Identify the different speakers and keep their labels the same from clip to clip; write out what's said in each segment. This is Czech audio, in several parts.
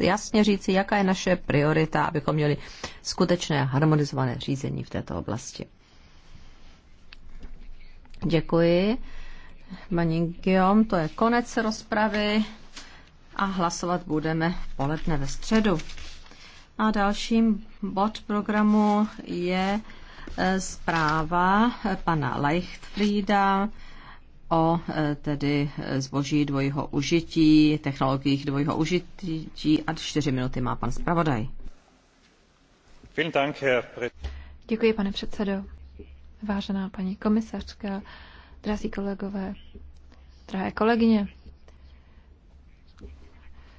Speaker 1: jasně říci, jaká je naše priorita, abychom měli skutečné harmonizované řízení v této oblasti. Děkuji. Paní Guillaume, to je konec rozpravy a hlasovat budeme v poledne ve středu. A dalším bod programu je eh, zpráva pana Leichtfrieda, o e, tedy e, zboží dvojího užití, technologiích dvojího užití a čtyři minuty má pan zpravodaj.
Speaker 2: Děkuji, pane předsedo. Vážená paní komisařka, drazí kolegové, drahé kolegyně.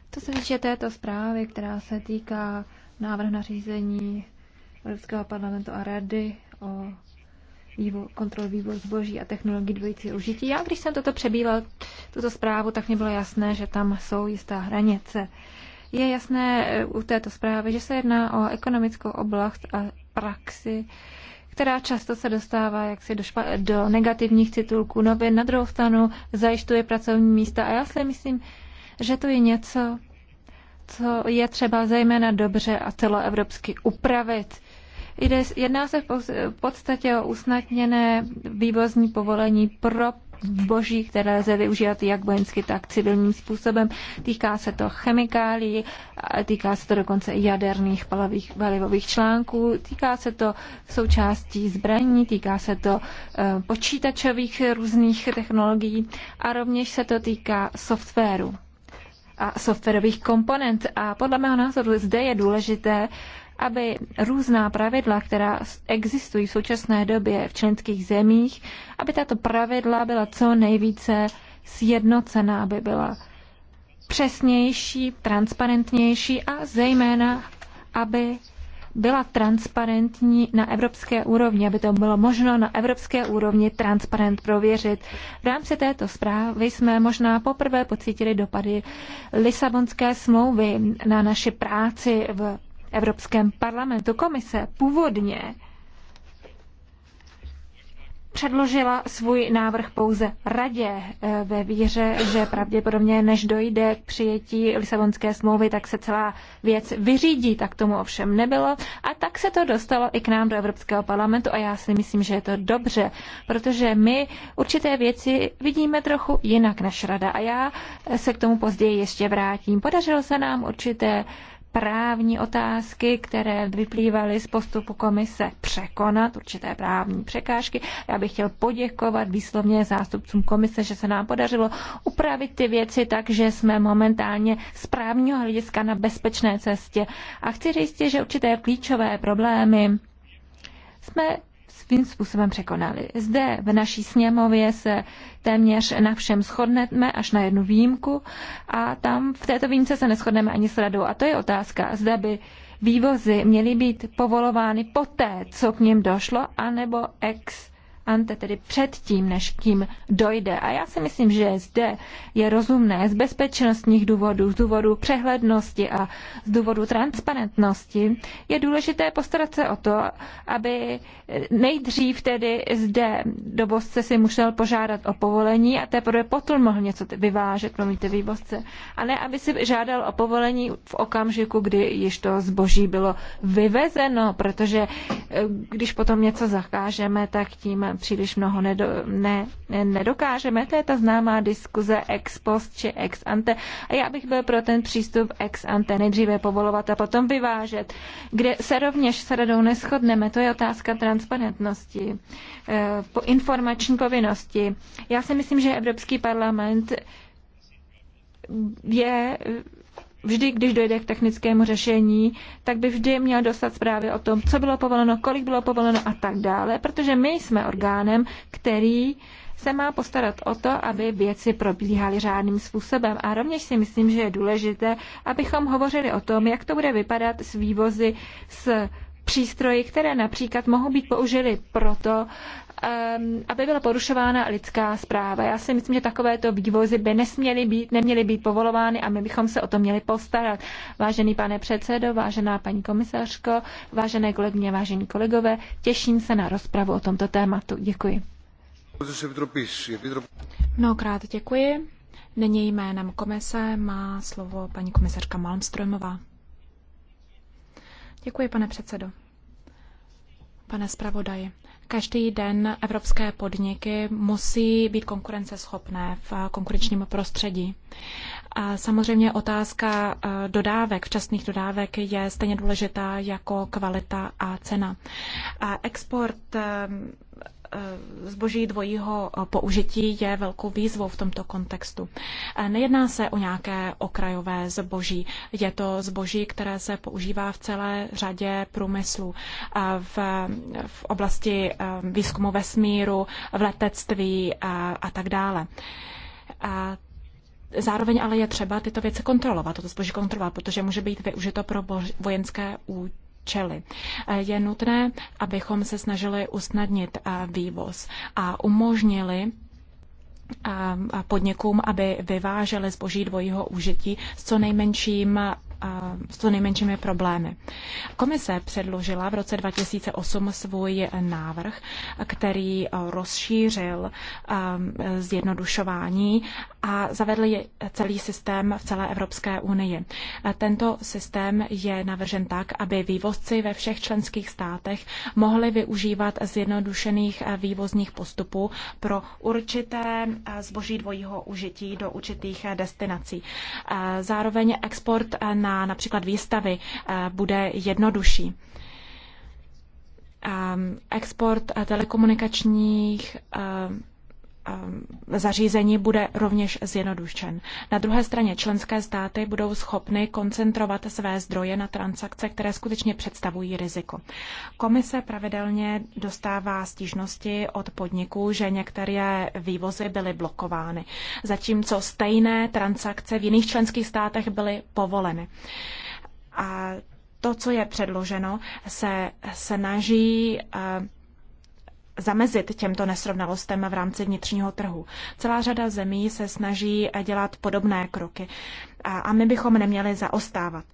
Speaker 2: To se týče této zprávy, která se týká návrh na řízení Evropského parlamentu a rady o vývoj, kontrol vývoj zboží a technologii dvojící užití. Já, když jsem toto přebýval, tuto zprávu, tak mi bylo jasné, že tam jsou jistá hranice. Je jasné eh, u této zprávy, že se jedná o ekonomickou oblast a praxi, která často se dostává jaksi do, špa- do negativních titulků novin. Na druhou stranu zajišťuje pracovní místa a já si myslím, že to je něco, co je třeba zejména dobře a celoevropsky upravit. Jde, jedná se v podstatě o usnadněné vývozní povolení pro boží, které lze využívat jak vojensky, tak civilním způsobem. Týká se to chemikálií, týká se to dokonce i jaderných palových, palivových článků, týká se to součástí zbraní, týká se to e, počítačových různých technologií a rovněž se to týká softwaru a softwarových komponent. A podle mého názoru zde je důležité, aby různá pravidla, která existují v současné době v členských zemích, aby tato pravidla byla co nejvíce sjednocená, aby byla přesnější, transparentnější a zejména, aby byla transparentní na evropské úrovni, aby to bylo možno na evropské úrovni transparent prověřit. V rámci této zprávy jsme možná poprvé pocítili dopady Lisabonské smlouvy na naši práci v Evropském parlamentu. Komise původně předložila svůj návrh pouze radě eh, ve víře, že pravděpodobně než dojde k přijetí Lisabonské smlouvy, tak se celá věc vyřídí. Tak tomu ovšem nebylo. A tak se to dostalo i k nám do Evropského parlamentu a já si myslím, že je to dobře, protože my určité věci vidíme trochu jinak než rada a já se k tomu později ještě vrátím. Podařilo se nám určité uh, právní otázky, které vyplývaly z postupu komise překonat určité právní překážky. Já bych chtěl poděkovat výslovně zástupcům komise, že se nám podařilo upravit ty věci tak, že jsme momentálně z právního hlediska na bezpečné cestě. A chci říct, že určité klíčové problémy jsme svým způsobem překonali. Zde v naší sněmově se téměř na všem shodneme, až na jednu výjimku, a tam v této výjimce se neschodneme ani s radou. A to je otázka, zda by vývozy měly být povolovány poté, co k něm došlo, anebo ex ante, tedy předtím, než kým dojde. A já si myslím, že zde je rozumné z bezpečnostních důvodů, z důvodu přehlednosti a z důvodu transparentnosti, je důležité postarat se o to, aby nejdřív tedy zde dovozce si musel požádat o povolení a teprve potom mohl něco vyvážet, promiňte, vývozce, a ne, aby si žádal o povolení v okamžiku, kdy již to zboží bylo vyvezeno, protože eh, když potom něco zakážeme, tak tím příliš mnoho nedo, ne, nedokážeme. To je ta známá diskuze ex post či ex ante. A já bych byl pro ten přístup ex ante, nejdříve povolovat a potom vyvážet, kde se rovněž s radou neschodneme. To je otázka transparentnosti, eh, po informační povinnosti. Já si myslím, že Evropský parlament je vždy, když dojde k technickému řešení, tak by vždy měl dostat zprávy o tom, co bylo povoleno, kolik bylo povoleno a tak dále, protože my jsme orgánem, který se má postarat o to, aby věci probíhaly řádným způsobem. A rovněž si myslím, že je důležité, abychom hovořili o tom, jak to bude vypadat s vývozy z přístroji, které například mohou být použily proto, um, aby byla porušována lidská zpráva. Já si myslím, že takovéto vývozy by nesměly být, neměly být povolovány a my bychom se o to měli postarat. Vážený pane předsedo, vážená paní komisařko, vážené kolegyně, vážení kolegové, těším
Speaker 3: se na rozpravu o tomto tématu. Děkuji. Mnohokrát děkuji. Není jménem komise má slovo paní komisařka Malmströmová. Děkuji, pane předsedo. Pane zpravodaji, každý den evropské podniky musí být konkurenceschopné v konkurenčním prostředí. A samozřejmě otázka eh, dodávek, včasných dodávek je stejně důležitá jako kvalita a cena. A export eh, Eh, zboží dvojího eh, použití je velkou výzvou v tomto kontextu. Eh, nejedná se o nějaké okrajové zboží. Je to zboží, které se používá v celé řadě průmyslu. V, v oblasti výzkumu vesmíru, v letectví a, a tak dále. A Zároveň ale je třeba tyto věci kontrolovat, toto zboží kontrolovat, protože může být využito pro vojenské účely včely. Eh, je nutné, abychom se snažili usnadnit eh, vývoz a umožnili eh, podnikům, aby vyvážely zboží dvojího užití s co nejmenším s co nejmenšími problémy. Komise předložila v roce 2008 svůj návrh, který rozšířil um, zjednodušování a zavedl celý systém v celé Evropské unii. Tento systém je navržen tak, aby vývozci ve všech členských státech mohli využívat zjednodušených vývozních postupů pro určité zboží dvojího užití do určitých destinací. Zároveň export na na například výstavy eh, bude jednodušší. Ehm, export telekomunikačních ehm, Ehm, zařízení bude rovněž zjednodušen. Na druhé straně členské státy budou schopny koncentrovat své zdroje na transakce, které skutečně představují riziko. Komise pravidelně dostává stížnosti od podniků, že některé vývozy byly blokovány, zatímco stejné transakce v jiných členských státech byly povoleny. A to, co je předloženo, se snaží uh, zamezit těmto nesrovnalostem v rámci vnitřního trhu. Celá řada zemí se snaží dělat podobné kroky a my bychom neměli zaostávat.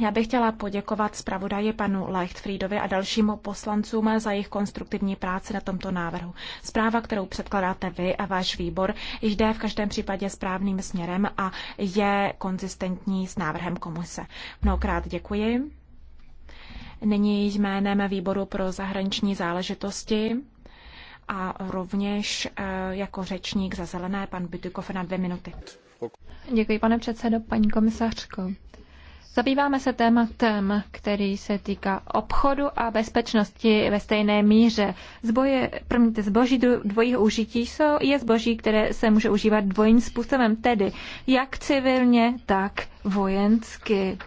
Speaker 3: Já bych chtěla poděkovat zpravodaji panu Leichtfriedovi a dalšímu poslancům za jejich konstruktivní práci na tomto návrhu. Zpráva, kterou předkládáte vy a váš výbor, jde v každém případě správným směrem a je konzistentní s návrhem komise. Mnohokrát děkuji. Nyní jménem výboru pro zahraniční záležitosti a rovněž eh, jako řečník za zelené pan Bytykov na dvě minuty.
Speaker 2: Děkuji, pane předsedo, paní komisařko. Zabýváme se tématem, který se týká obchodu a bezpečnosti ve stejné míře. Zboje, promiňte, zboží dvojího užití jsou, je zboží, které se může užívat dvojím způsobem, tedy jak civilně, tak vojensky.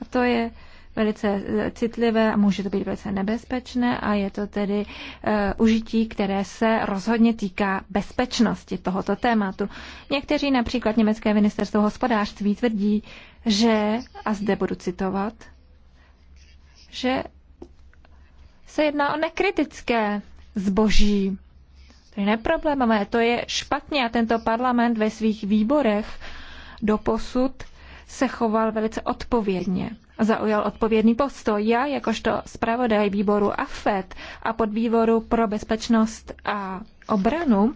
Speaker 2: A to je velice eh, citlivé a může to být velice nebezpečné a je to tedy eh, užití, které se rozhodně týká bezpečnosti tohoto tématu. Někteří, například Německé ministerstvo hospodářství, tvrdí, že, a zde budu citovat, že se jedná o nekritické zboží. To je neproblémové, to je špatně a tento parlament ve svých výborech doposud se choval velice odpovědně zaujal odpovědný postoj. Já, jakožto zpravodaj výboru AFET a podvýboru pro bezpečnost a obranu,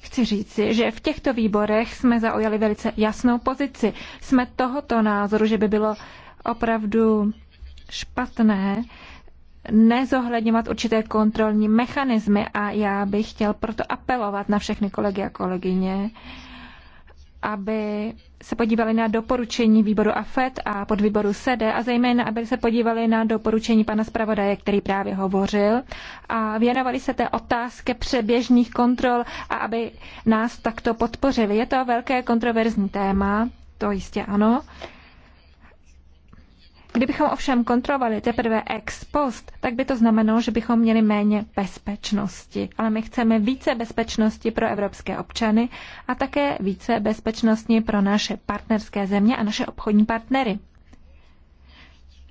Speaker 2: Chci říci, že v těchto výborech jsme zaujali velice jasnou pozici. Jsme tohoto názoru, že by bylo opravdu špatné nezohledňovat určité kontrolní mechanismy a já bych chtěl proto apelovat na všechny kolegy a kolegyně, aby se podívali na doporučení výboru AFET a podvýboru Sed a zejména, aby se podívali na doporučení pana zpravodaje, který právě hovořil a věnovali se té otázce přeběžných kontrol a aby nás takto podpořili. Je to velké kontroverzní téma, to jistě ano. Kdybychom ovšem kontrolovali teprve ex post, tak by to znamenalo, že bychom měli méně bezpečnosti. Ale my chceme více bezpečnosti pro evropské občany a také více bezpečnosti pro naše partnerské země a naše obchodní partnery.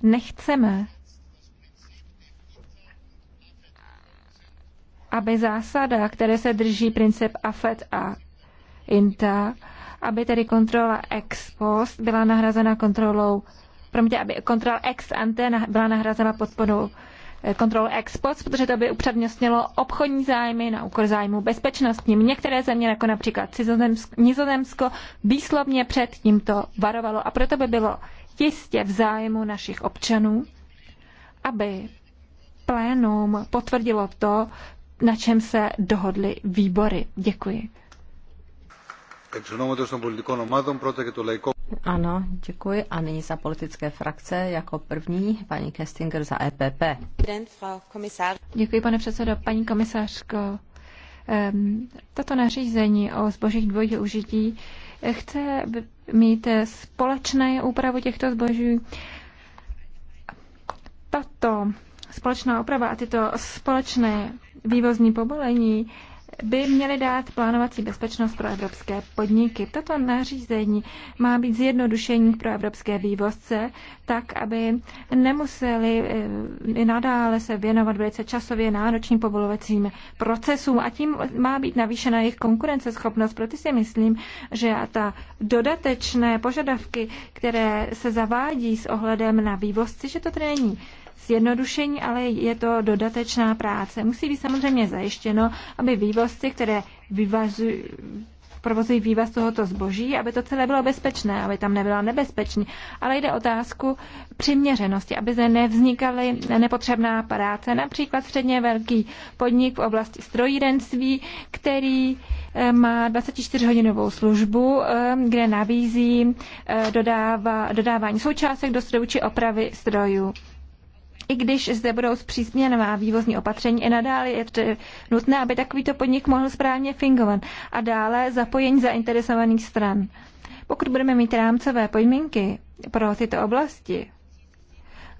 Speaker 2: Nechceme, aby zásada, které se drží princip AFET a INTA, aby tedy kontrola ex post byla nahrazena kontrolou promiňte, aby kontrola ex ante byla nahrazena podporou eh, kontrol ex post, protože to by upřednostnilo obchodní zájmy na úkor zájmu bezpečnostním. Některé země, jako například Nizozemsko, výslovně před tímto varovalo a proto by bylo jistě v zájmu našich občanů, aby plénum potvrdilo to, na čem se dohodly výbory. Děkuji. Ano, děkuji. A nyní za politické frakce jako první paní Kestinger za EPP. Děkuji, pane předsedo. Paní komisařko, toto nařízení o zbožích dvojího užití eh, chce mít eh, společné úpravu těchto zboží. Tato společná úprava a tyto společné vývozní povolení by měly dát plánovací bezpečnost pro evropské podniky. Toto nařízení má být zjednodušení pro evropské vývozce, tak aby nemuseli eh, i nadále se věnovat velice časově náročným povolovacím procesům a tím má být navýšena jejich konkurenceschopnost. Proto si myslím, že ta dodatečné požadavky, které se zavádí s ohledem na vývozci, že to tedy není zjednodušení, ale je to dodatečná práce. Musí být samozřejmě zajištěno, aby vývozci, které vyvazují, provozují vývaz tohoto zboží, aby to celé bylo bezpečné, aby tam nebyla nebezpečný. Ale jde otázku přiměřenosti, aby zde nevznikaly nepotřebná práce. Například středně velký podnik v oblasti strojírenství, který eh, má 24-hodinovou službu, eh, kde nabízí eh, dodává, dodávání součástek do strojů či opravy strojů. I když zde budou zpřísněná vývozní opatření, i nadále je nutné, aby takovýto podnik mohl správně fungovat. A dále zapojení zainteresovaných stran. Pokud budeme mít rámcové podmínky pro tyto oblasti,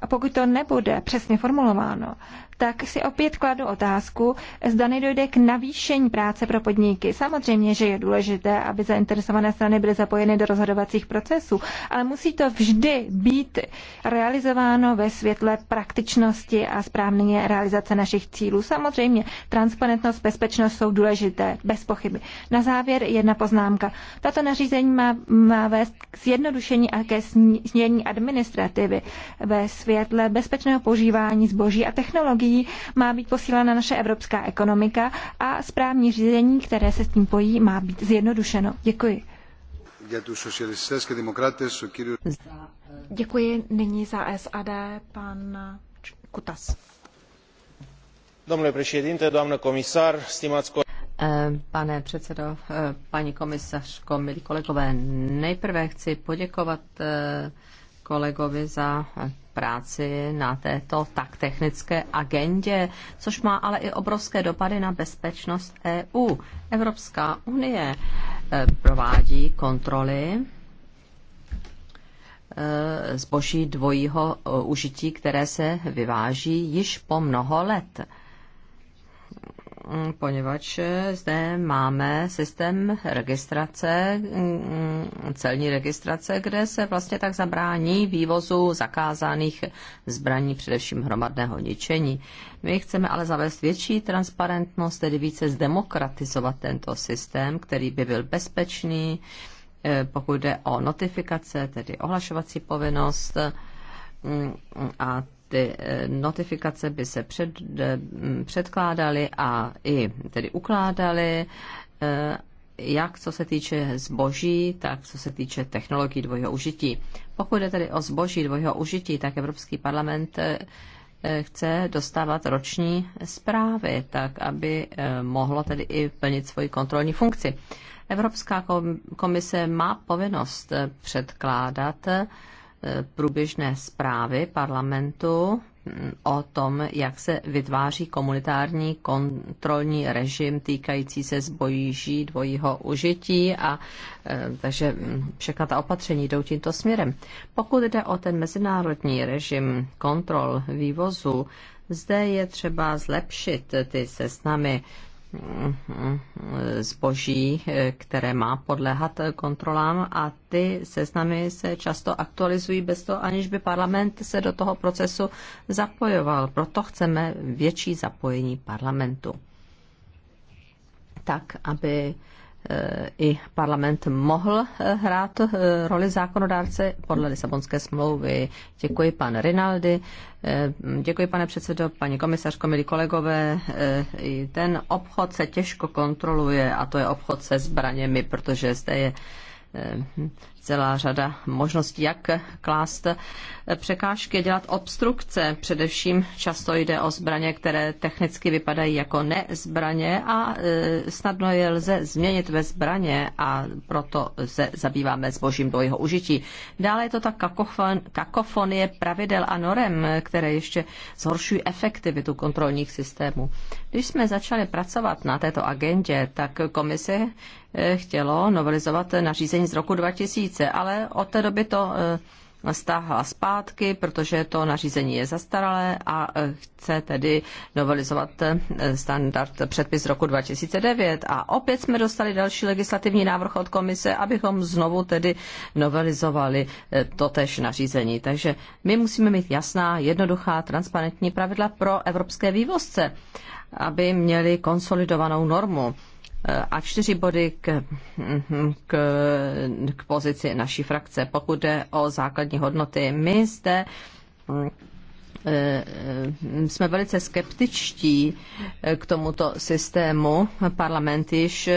Speaker 2: a pokud to nebude přesně formulováno, tak si opět kladu otázku, zda nedojde k navýšení práce pro podniky. Samozřejmě, že je důležité, aby zainteresované strany byly zapojeny do rozhodovacích procesů, ale musí to vždy být realizováno ve světle praktičnosti a správné realizace našich cílů. Samozřejmě, transparentnost, bezpečnost jsou důležité, bez pochyby. Na závěr jedna poznámka. Tato nařízení má, má vést k zjednodušení a ke snížení administrativy ve světle bezpečného používání zboží a technologií energií, má být posílena naše evropská ekonomika a správní řízení, které se s tím pojí, má být
Speaker 3: zjednodušeno. Děkuji. Děkuji nyní za SAD pan Kutas.
Speaker 1: Domnule președinte,
Speaker 3: eh, Pane předsedo, eh, paní
Speaker 1: komisařko, milí kolegové, nejprve chci poděkovat eh, kolegovi za práci na této tak technické agendě, což má ale i obrovské dopady na bezpečnost EU. Evropská unie eh, provádí kontroly eh, zboží dvojího eh, užití, které se vyváží již po mnoho let. Mm, poněvadž zde máme systém registrace, mm, celní registrace, kde se vlastně tak zabrání vývozu zakázaných zbraní, především hromadného ničení. My chceme ale zavést větší transparentnost, tedy více zdemokratizovat tento systém, který by byl bezpečný, eh, pokud jde o notifikace, tedy ohlašovací povinnost, mm, a ty eh, notifikace by se před, eh, předkládaly a i tedy ukládaly, eh, jak co se týče zboží, tak co se týče technologií dvojího užití. Pokud je tedy o zboží dvojího užití, tak Evropský parlament chce dostávat roční zprávy, tak aby mohlo tedy i plnit svoji kontrolní funkci. Evropská komise má povinnost předkládat E, průběžné zprávy parlamentu mm, o tom, jak se vytváří komunitární kontrolní režim týkající se zbojíží dvojího užití a e, takže mm, všechna ta opatření jdou tímto směrem. Pokud jde o ten mezinárodní režim kontrol vývozu, zde je třeba zlepšit ty seznamy zboží, které má podléhat kontrolám a ty seznamy se často aktualizují bez toho, aniž by parlament se do toho procesu zapojoval. Proto chceme větší zapojení parlamentu. Tak, aby Eh, i parlament mohl eh, hrát eh, roli zákonodárce podle Lisabonské smlouvy. Děkuji, pan Rinaldi. Děkuji, pane předsedo, paní komisařko, milí kolegové. Ten obchod se těžko kontroluje a to je obchod se zbraněmi, protože zde je celá řada možností, jak klást překážky, dělat obstrukce. Především často jde o zbraně, které technicky vypadají jako nezbraně a e, snadno je lze změnit ve zbraně a proto se zabýváme zbožím do jeho užití. Dále je to ta kakofon, kakofonie pravidel a norem, které ještě zhoršují efektivitu kontrolních systémů. Když jsme začali pracovat na této agendě, tak komise e, chtělo novelizovat nařízení z roku 2000 měsíce, ale od té doby to eh, stáhla zpátky, protože to nařízení je zastaralé a eh, chce tedy novelizovat eh, standard předpis roku 2009. A opět jsme dostali další legislativní návrh od komise, abychom znovu tedy novelizovali totež nařízení. Takže my musíme mít jasná, jednoduchá, transparentní pravidla pro evropské vývozce, aby měli konsolidovanou normu a čtyři body k, k, k pozici naší frakce. Pokud jde o základní hodnoty, my zde eh, jsme velice skeptičtí k tomuto systému. Parlament již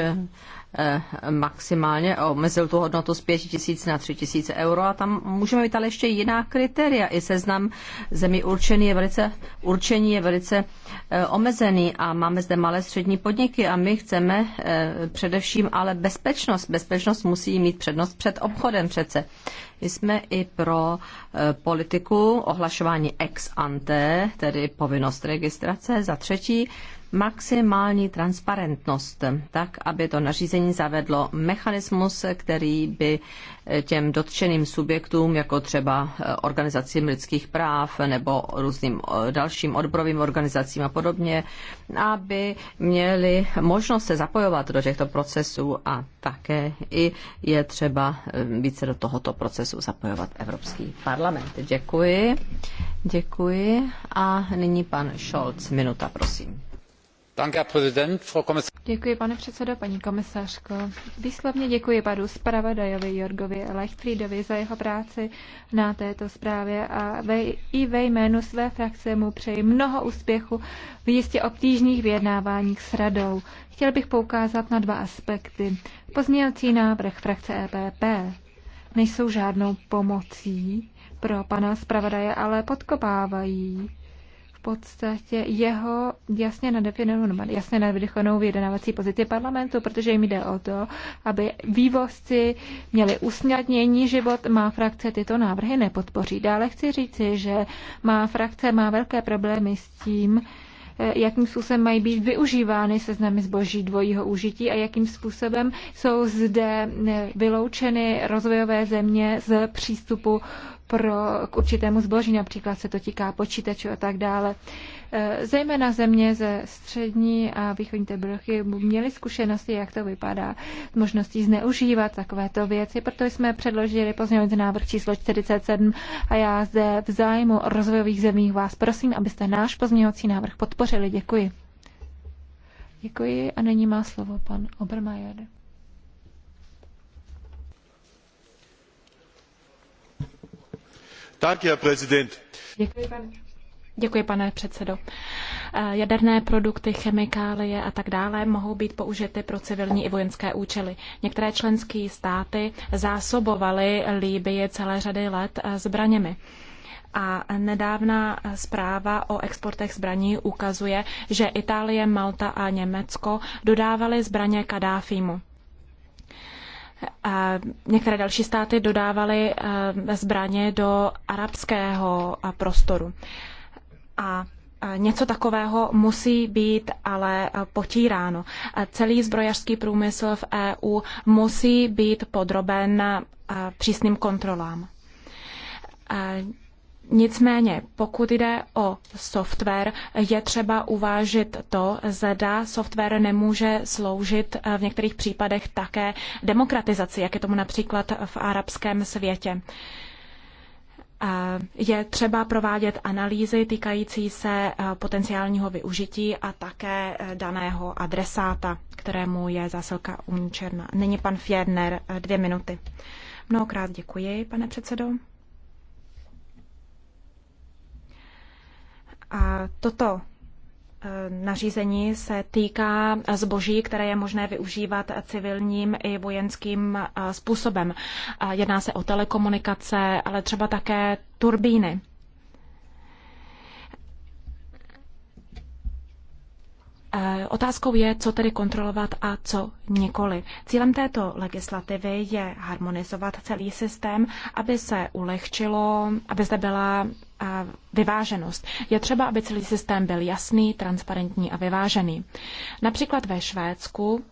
Speaker 1: Eh, maximálně omezil tu hodnotu z 5 tisíc na 3 tisíce euro a tam můžeme mít ale ještě jiná kritéria. I seznam zemí určený je velice, určení je velice eh, omezený a máme zde malé střední podniky a my chceme eh, především ale bezpečnost. Bezpečnost musí mít přednost před obchodem přece. My jsme i pro politiku ohlašování ex ante, tedy povinnost registrace za třetí maximální transparentnost, tak, aby to nařízení zavedlo mechanismus, který by eh, těm dotčeným subjektům, jako třeba eh, organizacím lidských práv nebo různým eh, dalším odborovým organizacím a podobně, aby měli možnost se zapojovat do těchto procesů a také i je třeba více do tohoto procesu zapojovat Evropský parlament. Děkuji. Děkuji. A nyní pan Scholz. Minuta, prosím.
Speaker 2: Děkuji, pane předsedo, paní Výslovně děkuji panu zpravodajovi Jorgovi Leichtfriedovi za jeho práci na této zprávě a ve, i ve jménu své frakce mu přeji mnoho úspěchu v jistě obtížných vyjednáváních s radou. Chtěl bych poukázat na dva aspekty. Pozměňovací návrh frakce EPP nejsou žádnou pomocí pro pana zpravodaje, ale podkopávají podstatě jeho jasně nadefinovanou, jasně nadefinovanou vyjednávací pozici parlamentu, protože jim jde o to, aby vývozci měli usnadnění život. Má frakce tyto návrhy nepodpoří. Dále chci říci, že má frakce má velké problémy s tím, eh, jakým způsobem mají být využívány seznamy zboží dvojího užití a jakým způsobem jsou zde eh, vyloučeny rozvojové země z přístupu pro, k určitému zboží, například se to týká počítačů a tak dále. E, zejména země ze střední a východní tebrochy měly zkušenosti, jak to vypadá, s možností zneužívat takovéto věci, proto jsme předložili pozměňovací návrh číslo 47 a já zde v zájmu rozvojových zemí vás prosím, abyste náš pozměňovací návrh podpořili. Děkuji. Děkuji a nyní má slovo pan Obermajer.
Speaker 3: Děkuji, pane. Děkuji, pane eh, Jaderné produkty, chemikálie a tak dále mohou být použity pro civilní i vojenské účely. Některé členské státy zásobovaly libyi celé řady let eh, zbraněmi. A nedávná zpráva o exportech zbraní ukazuje, že Itálie, Malta a Německo dodávaly zbraně kaddáfímu. Některé další státy dodávaly eh, zbraně do arabského eh, prostoru. A eh, Něco takového musí být ale potíráno. Celý zbrojařský průmysl v EU musí být podroben přísným kontrolám. Nicméně, pokud jde o software, je třeba uvážit to, zda software nemůže sloužit eh, v některých případech také demokratizaci, jak je tomu například v arabském světě. Eh, je třeba provádět analýzy týkající se eh, potenciálního využití a také daného adresáta, kterému je zásilka uničerna. Nyní pan Fjerner, dvě minuty. Mnohokrát děkuji, pane předsedo. A toto e, nařízení se týká zboží, které je možné využívat civilním i vojenským e, způsobem. Jedná se o telekomunikace, ale třeba také turbíny. E, otázkou je, co tedy kontrolovat a co nikoli. Cílem této legislativy je harmonizovat celý systém, aby se ulehčilo, aby zde byla vyváženost. Je třeba, aby celý systém byl jasný, transparentní a vyvážený. Například ve Švédsku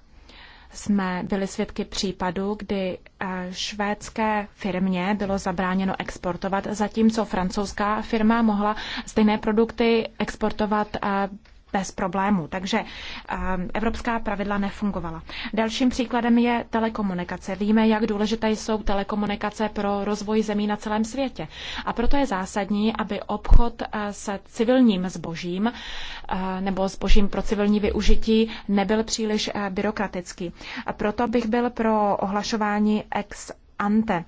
Speaker 3: jsme byli svědky případu, kdy eh, švédské firmě bylo zabráněno exportovat, zatímco francouzská firma mohla stejné produkty exportovat eh, bez problémů. Takže ehm, evropská pravidla nefungovala. Dalším příkladem je telekomunikace. Víme, jak důležité jsou telekomunikace pro rozvoj zemí na celém světě. A proto je zásadní, aby obchod eh, s civilním zbožím eh, nebo zbožím pro civilní využití nebyl příliš eh, byrokratický. A proto bych byl pro ohlašování ex ante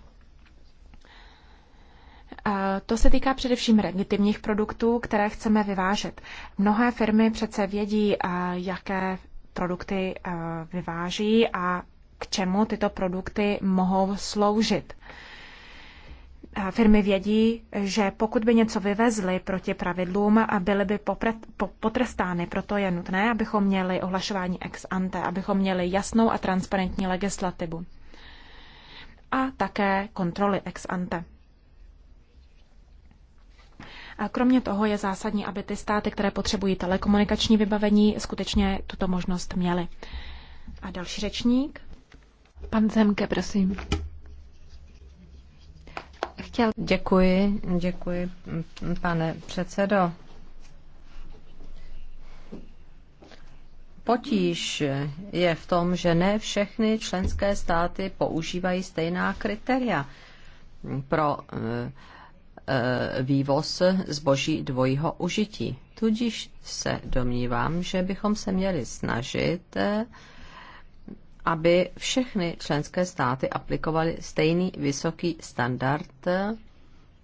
Speaker 3: to se týká především regulativních produktů, které chceme vyvážet. Mnohé firmy přece vědí, jaké produkty vyváží a k čemu tyto produkty mohou sloužit. Firmy vědí, že pokud by něco vyvezly proti pravidlům a byly by potrestány, proto je nutné, abychom měli ohlašování ex ante, abychom měli jasnou a transparentní legislativu a také kontroly ex ante. A kromě toho je zásadní, aby ty státy, které potřebují telekomunikační vybavení, skutečně tuto možnost měly. A další řečník. Pan Zemke, prosím. Chtěl... Děkuji,
Speaker 1: děkuji, pane předsedo. Potíž je v tom, že ne všechny členské státy používají stejná kritéria pro eh, Eh, vývoz zboží dvojího užití. Tudíž se domnívám, že bychom se měli snažit, eh, aby všechny členské státy aplikovaly stejný vysoký standard eh,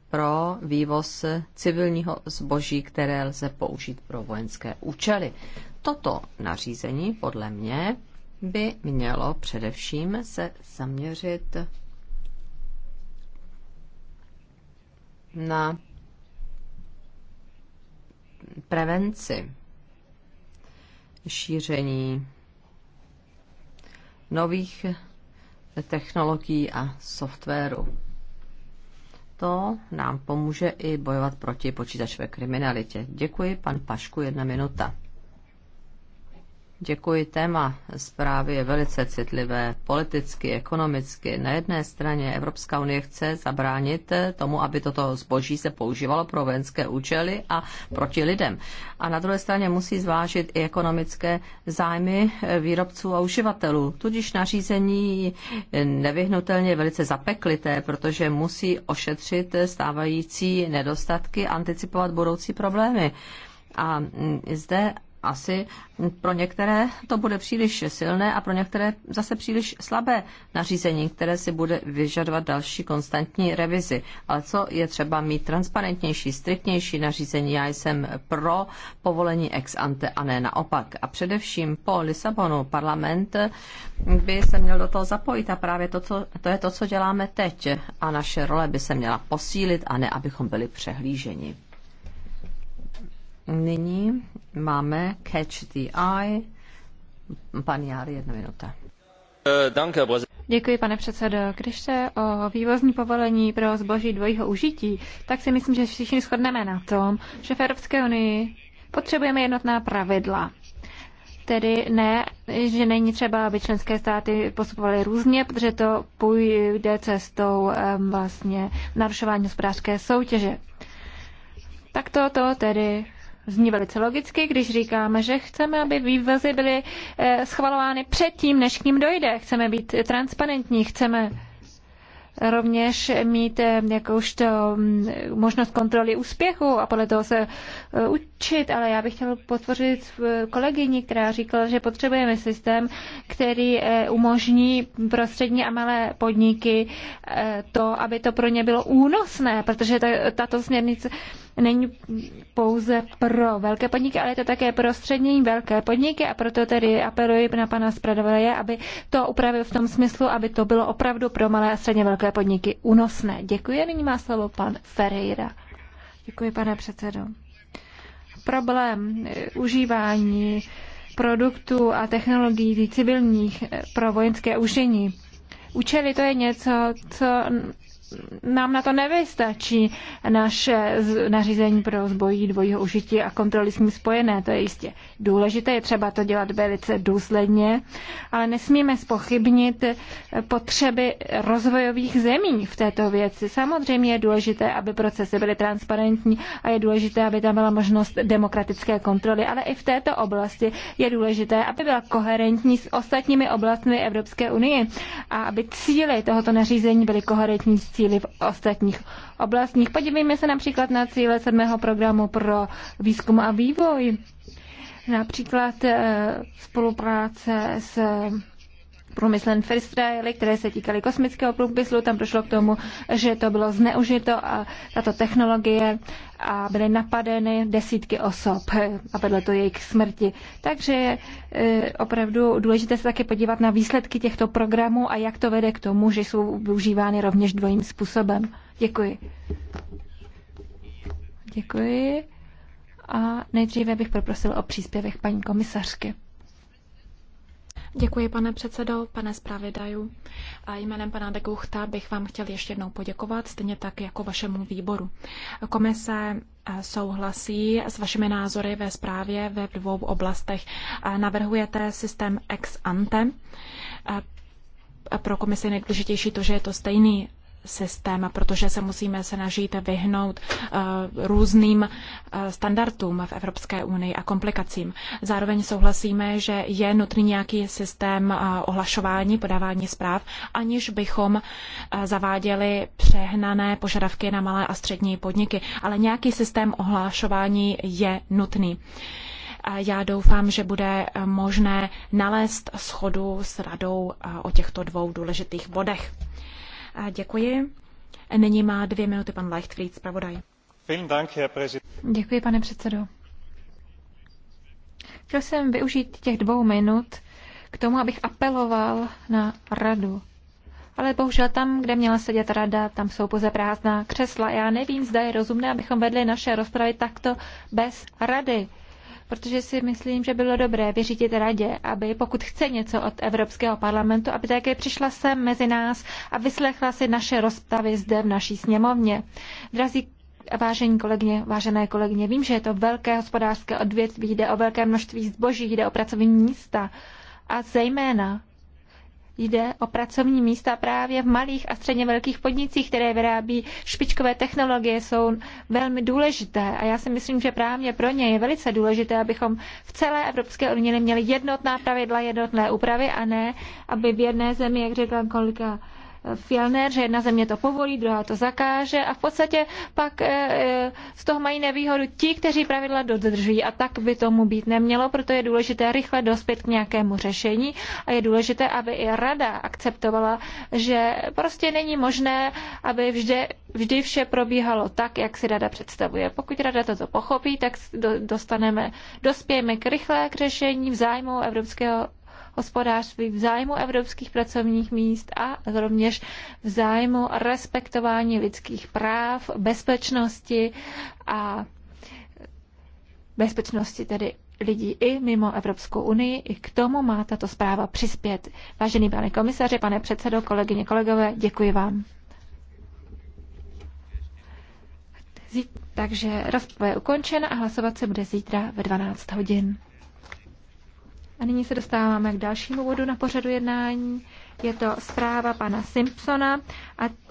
Speaker 1: pro vývoz civilního zboží, které lze použít pro vojenské účely. Toto nařízení podle mě by mělo především se zaměřit na prevenci šíření nových technologií a softwaru. To nám pomůže i bojovat proti počítačové kriminalitě. Děkuji, pan Pašku, jedna minuta. Děkuji. Téma zprávy je velice citlivé politicky, ekonomicky. Na jedné straně Evropská unie chce zabránit tomu, aby toto zboží se používalo pro vojenské účely a proti lidem. A na druhé straně musí zvážit i ekonomické zájmy výrobců a uživatelů. Tudíž nařízení nevyhnutelně je velice zapeklité, protože musí ošetřit stávající nedostatky, anticipovat budoucí problémy. A zde asi pro některé to bude příliš silné a pro některé zase příliš slabé nařízení, které si bude vyžadovat další konstantní revizi. Ale co je třeba mít transparentnější, striktnější nařízení? Já jsem pro povolení ex ante a ne naopak. A především po Lisabonu parlament by se měl do toho zapojit a právě to, co, to je to, co děláme teď a naše role by se měla posílit a ne, abychom byli přehlíženi. Nyní máme Catch
Speaker 2: the Eye. Pan Jár, jedna minuta. Děkuji, pane předsedo. Když se o vývozní povolení pro zboží dvojího užití, tak si myslím, že všichni shodneme na tom, že v Evropské unii potřebujeme jednotná pravidla. Tedy ne, že není třeba, aby členské státy postupovaly různě, protože to půjde cestou vlastně narušování hospodářské soutěže. Tak to, to tedy zní velice logicky, když říkáme, že chceme, aby vývozy byly eh, schvalovány předtím, než k ním dojde. Chceme být transparentní, chceme rovněž mít eh, jakoužto mm, možnost kontroly úspěchu a podle toho se eh, učit, ale já bych chtěl potvořit kolegyni, která říkala, že potřebujeme systém, který umožní pro střední a malé podniky to, aby to pro ně bylo únosné, protože tato směrnice není pouze pro velké podniky, ale je to také pro střední velké podniky a proto tedy apeluji na pana zpravodaje, aby to upravil v tom smyslu, aby to bylo opravdu pro malé a středně velké podniky únosné. Děkuji, nyní má slovo pan Ferreira. Děkuji, pane předsedo. Problém eh, užívání produktů a technologií civilních eh, pro vojenské užení. Účely to je něco, co nám na to nevystačí naše nařízení pro zbojí dvojího užití a kontroly s ním spojené. To je jistě důležité, je třeba to dělat velice důsledně, ale nesmíme spochybnit potřeby rozvojových zemí v této věci. Samozřejmě je důležité, aby procesy byly transparentní a je důležité, aby tam byla možnost demokratické kontroly, ale i v této oblasti je důležité, aby byla koherentní s ostatními oblastmi Evropské unie a aby cíly tohoto nařízení byly koherentní s cíly cíly v ostatních oblastních. Podívejme se například na cíle sedmého programu pro výzkum a vývoj, například eh, spolupráce s průmyslem first Rally, které se týkaly kosmického průmyslu. Tam došlo k tomu, že to bylo zneužito a tato technologie a byly napadeny desítky osob eh, a vedle to jejich smrti. Takže je eh, opravdu důležité se také podívat na výsledky těchto programů a jak to vede k tomu, že jsou využívány rovněž dvojím způsobem. Děkuji. Děkuji. A nejdříve bych poprosil o příspěvek paní komisařky.
Speaker 3: Děkuji, pane předsedo, pane zpravodaju. A jménem pana de Guchta bych vám chtěl ještě jednou poděkovat, stejně tak jako vašemu výboru. Komise eh, souhlasí s vašimi názory ve zprávě ve dvou oblastech. Navrhujete systém ex ante. Pro komisi nejdůležitější to, že je to stejný systém, protože se musíme snažit vyhnout eh, různým eh, standardům v Evropské unii a komplikacím. Zároveň souhlasíme, že je nutný nějaký systém eh, ohlašování, podávání zpráv, aniž bychom zaváděli přehnané požadavky na malé a střední podniky, ale nějaký systém ohlašování je nutný. Já doufám, že bude možné nalézt schodu s radou o těchto dvou důležitých bodech. Děkuji. Nyní má dvě minuty pan Leichtfried, zpravodaj. Děkuji, pane předsedo. Chtěl jsem
Speaker 2: využít těch dvou minut k tomu, abych apeloval na radu. Ale bohužel tam, kde měla sedět rada, tam jsou pouze prázdná křesla. Já nevím, zda je rozumné, abychom vedli naše rozpravy takto bez rady protože si myslím, že bylo dobré vyřídit radě, aby pokud chce něco od Evropského parlamentu, aby také přišla sem mezi nás a vyslechla si naše rozpravy zde v naší sněmovně. Drazí Vážení kolegyně, vážené kolegyně, vím, že je to velké hospodářské odvětví, jde o velké množství zboží, jde o pracovní místa a zejména Jde o pracovní místa právě v malých a středně velkých podnicích, které vyrábí špičkové technologie, jsou velmi důležité a já si myslím, že právě pro ně je velice důležité, abychom v celé Evropské unii měli jednotná pravidla, jednotné úpravy a ne, aby v jedné zemi, jak řekla kolika Fjellner, že jedna země to povolí, druhá to zakáže a v podstatě pak eh, eh, z toho mají nevýhodu ti, kteří pravidla dodržují a tak by tomu být nemělo, proto je důležité rychle dospět k nějakému řešení a je důležité, aby i rada akceptovala, že prostě není možné, aby vždy, vždy vše probíhalo tak, jak si rada představuje. Pokud rada toto pochopí, tak dostaneme, dospějeme k rychlé k řešení v zájmu evropského hospodářství v zájmu evropských pracovních míst a rovněž v zájmu respektování lidských práv, bezpečnosti a bezpečnosti tedy lidí i mimo Evropskou unii. I k tomu má tato zpráva přispět. Vážený pane komisaři, pane předsedo, kolegyně, kolegové, děkuji vám. Takže rozprava je ukončena a hlasovat se bude zítra ve 12 hodin. A nyní se dostáváme k dalšímu bodu na pořadu jednání. Je to zpráva pana Simpsona a